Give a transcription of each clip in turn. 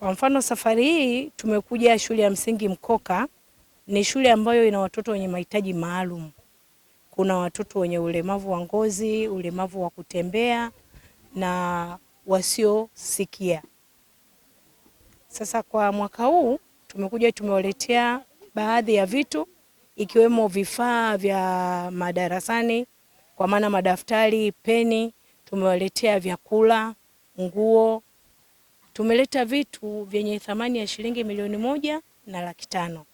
Kwa mfano safari hii tumekuja shule ya msingi Mkoka. Ni shule ambayo ina watoto wenye mahitaji maalum. Kuna watoto wenye ulemavu wa ngozi, ulemavu wa kutembea na wasiosikia. Sasa kwa mwaka huu tumekuja tumewaletea baadhi ya vitu ikiwemo vifaa vya madarasani kwa maana madaftari, peni, tumewaletea vyakula, nguo tumeleta vitu vyenye thamani ya shilingi milioni moja na laki tano,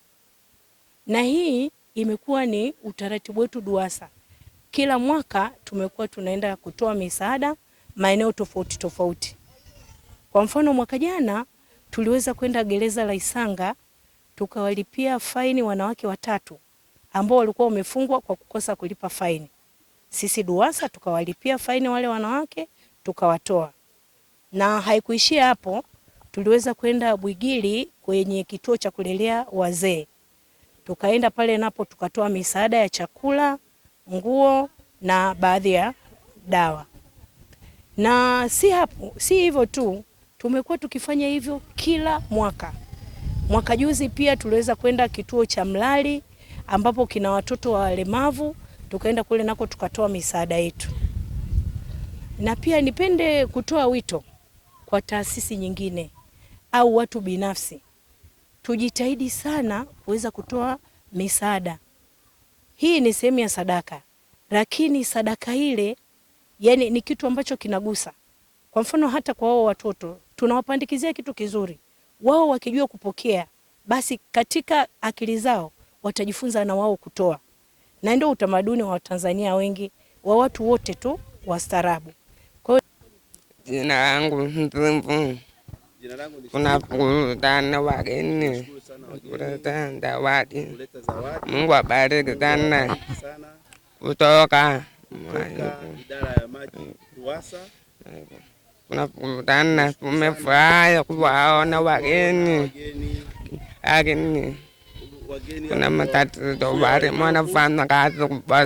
na hii imekuwa ni utaratibu wetu DUWASA. Kila mwaka tumekuwa tunaenda kutoa misaada maeneo tofauti tofauti. Kwa mfano mwaka jana tuliweza kwenda gereza la Isanga tukawalipia faini wanawake watatu ambao walikuwa wamefungwa kwa kukosa kulipa faini. Sisi DUWASA tukawalipia faini wale wanawake tukawatoa na haikuishia hapo, tuliweza kwenda Bwigili kwenye kituo cha kulelea wazee, tukaenda pale napo tukatoa misaada ya chakula, nguo na baadhi ya dawa. Na si hapo, si hivyo tu, tumekuwa tukifanya hivyo kila mwaka. Mwaka juzi pia tuliweza kwenda kituo cha Mlali ambapo kina watoto wa walemavu, tukaenda kule nako tukatoa misaada yetu. Na pia nipende kutoa wito kwa taasisi nyingine au watu binafsi, tujitahidi sana kuweza kutoa misaada. Hii ni sehemu ya sadaka, lakini sadaka ile yani ni kitu ambacho kinagusa. Kwa mfano hata kwa wao watoto tunawapandikizia kitu kizuri, wao wakijua kupokea, basi katika akili zao watajifunza na wao kutoa, na ndio utamaduni wa Watanzania wengi wa watu wote tu wastaarabu. Jina langu Msimvu. Tunakutana wageni, kuleta zawadi. Mungu abariki sana. Kutoka tunakutana, tumefurahi kuwaona wageni, lakini kuna matatizo. Wale mwanafanya kazi kubwa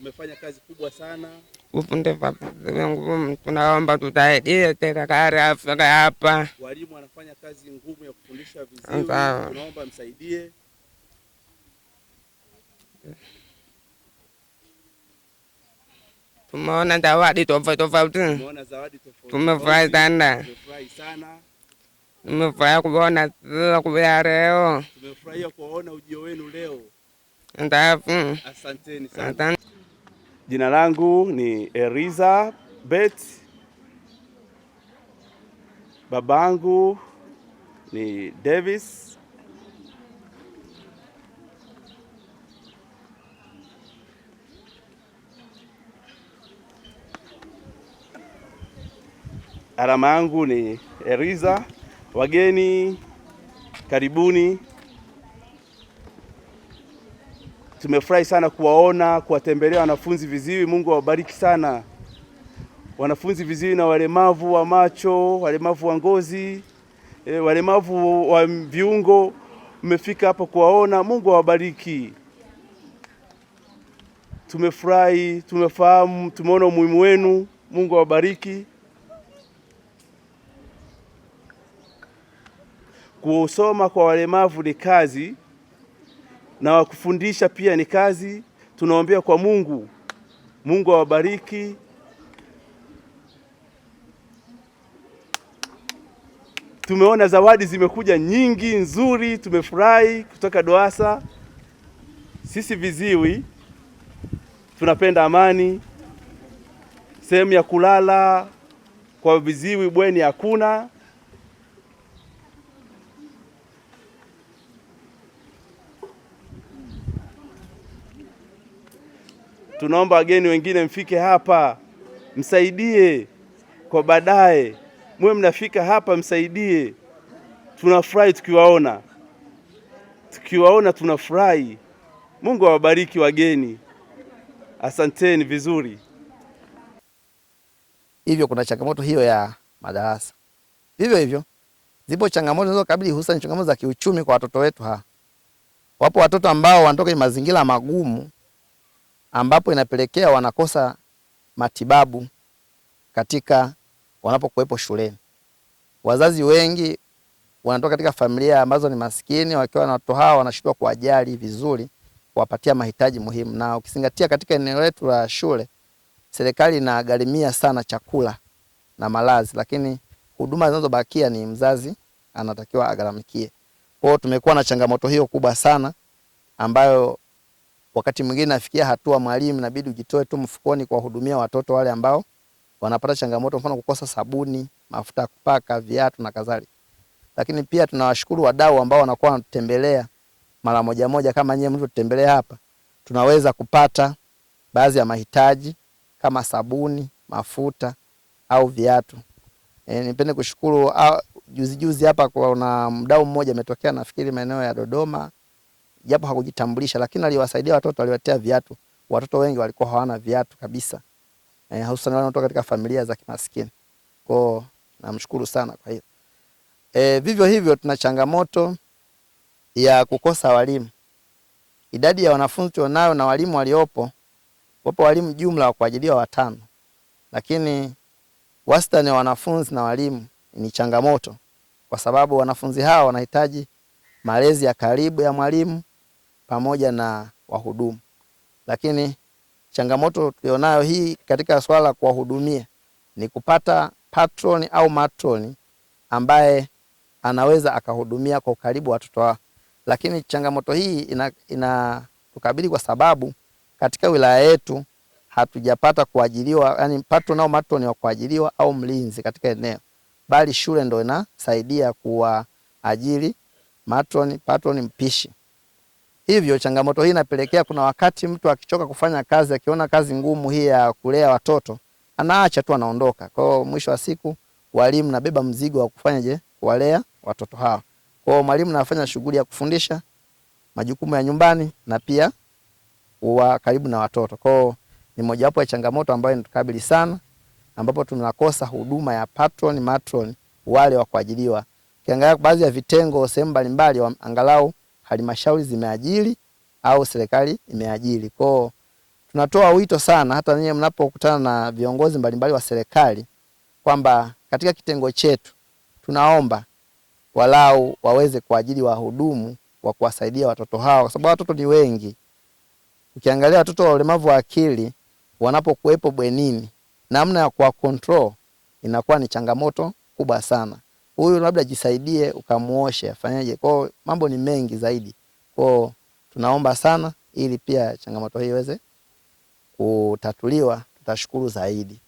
Umefanya kazi kubwa sana ufunde vaangu tunaomba tusaidie tena karafika hapa. Walimu wanafanya kazi ngumu ya kufundisha viziwi, tunaomba msaidie. Tumeona zawadi tofauti tofauti, tumefurahi sana, tumefurahi kuona siku ya leo. Tumefurahia kuona ujio wenu leo. Asanteni sana. Jina langu ni Eriza Bet. Babangu ni Davis. Alama yangu ni Eriza. Wageni karibuni. Tumefurahi sana kuwaona, kuwatembelea wanafunzi viziwi. Mungu awabariki sana wanafunzi viziwi na walemavu wa macho, walemavu wa ngozi, e, walemavu wa viungo. Mmefika hapa kuwaona, Mungu awabariki. Tumefurahi, tumefahamu, tumeona umuhimu wenu. Mungu awabariki. Kusoma kwa walemavu ni kazi na wakufundisha pia ni kazi. Tunaombea kwa Mungu, Mungu awabariki. Tumeona zawadi zimekuja nyingi nzuri, tumefurahi kutoka doasa Sisi viziwi tunapenda amani, sehemu ya kulala kwa viziwi bweni hakuna. Tunaomba wageni wengine mfike hapa msaidie, kwa baadaye muwe mnafika hapa msaidie. Tunafurahi tukiwaona, tukiwaona tunafurahi. Mungu awabariki wageni, asanteni vizuri. Hivyo kuna changamoto hiyo ya madarasa. Vivyo hivyo zipo changamoto zinazokabili hususan changamoto za kiuchumi kwa watoto wetu Ha, Wapo watoto ambao wanatoka kwenye mazingira magumu ambapo inapelekea wanakosa matibabu katika wanapokuwepo shuleni. Wazazi wengi wanatoka katika familia ambazo ni maskini, wakiwa na watoto hawa wanashindwa kuwajali vizuri, kuwapatia mahitaji muhimu, na ukizingatia katika eneo letu la shule serikali inagharimia sana chakula na malazi, lakini huduma zinazobakia ni mzazi anatakiwa agharamikie. Kwa hiyo tumekuwa na changamoto hiyo kubwa sana ambayo Wakati mwingine nafikia hatua mwalimu, inabidi ujitoe tu mfukoni kuwahudumia watoto wale ambao wanapata changamoto, mfano kukosa sabuni, mafuta ya kupaka, viatu na kadhalika. Lakini pia tunawashukuru wadau ambao wanakuwa wanatutembelea mara moja moja, kama nyinyi mlivyotutembelea hapa, tunaweza kupata baadhi ya mahitaji kama sabuni, mafuta au viatu. E, nipende kushukuru ah, juzi juzi hapa kuna mdau mmoja ametokea nafikiri maeneo ya Dodoma japo hakujitambulisha, lakini aliwasaidia watoto, aliwatea viatu. Watoto wengi walikuwa hawana viatu kabisa, eh, hususan wale wanaotoka katika familia za kimaskini. Kwa namshukuru sana kwa hiyo Eh, vivyo hivyo tuna changamoto ya kukosa walimu. Idadi ya wanafunzi tunayo na walimu waliopo, wapo walimu jumla wa kuajiliwa watano, lakini wastani wa wanafunzi na walimu ni changamoto, kwa sababu wanafunzi hao wanahitaji malezi ya karibu ya mwalimu pamoja na wahudumu. Lakini changamoto tulionayo hii katika swala la kuwahudumia ni kupata patron au matron ambaye anaweza akahudumia kwa ukaribu watoto wao, lakini changamoto hii inatukabili ina, kwa sababu katika wilaya yetu hatujapata kuajiliwa, yani patron au matron wa kuajiliwa au mlinzi katika eneo, bali shule ndo inasaidia kuwaajiri matron, patron, mpishi. Hivyo changamoto hii inapelekea kuna wakati mtu akichoka kufanya kazi, akiona kazi ngumu hii ya kulea watoto anaacha tu, anaondoka. Kwa hiyo mwisho wa siku walimu nabeba mzigo wa kufanya je, kuwalea watoto hao. Kwa hiyo mwalimu anafanya shughuli ya kufundisha, majukumu ya nyumbani na pia wa karibu na watoto. Kwa hiyo ni mojawapo ya changamoto ambayo inatukabili sana, ambapo tunakosa huduma ya patron matron, wale wa kuajiriwa. Ukiangalia baadhi ya vitengo sehemu mbalimbali, angalau halmashauri zimeajiri au serikali imeajiri. Kwao tunatoa wito sana, hata ninyi mnapokutana na viongozi mbalimbali wa serikali, kwamba katika kitengo chetu tunaomba walau waweze kuajiri wahudumu wa kuwasaidia watoto hao, kwa sababu watoto ni wengi. Ukiangalia watoto wa ulemavu wa akili wanapokuwepo bwenini, namna ya kuwa control inakuwa ni changamoto kubwa sana huyu labda jisaidie ukamuoshe afanyaje. Kwao mambo ni mengi zaidi, kwao tunaomba sana, ili pia changamoto hii iweze kutatuliwa, tutashukuru zaidi.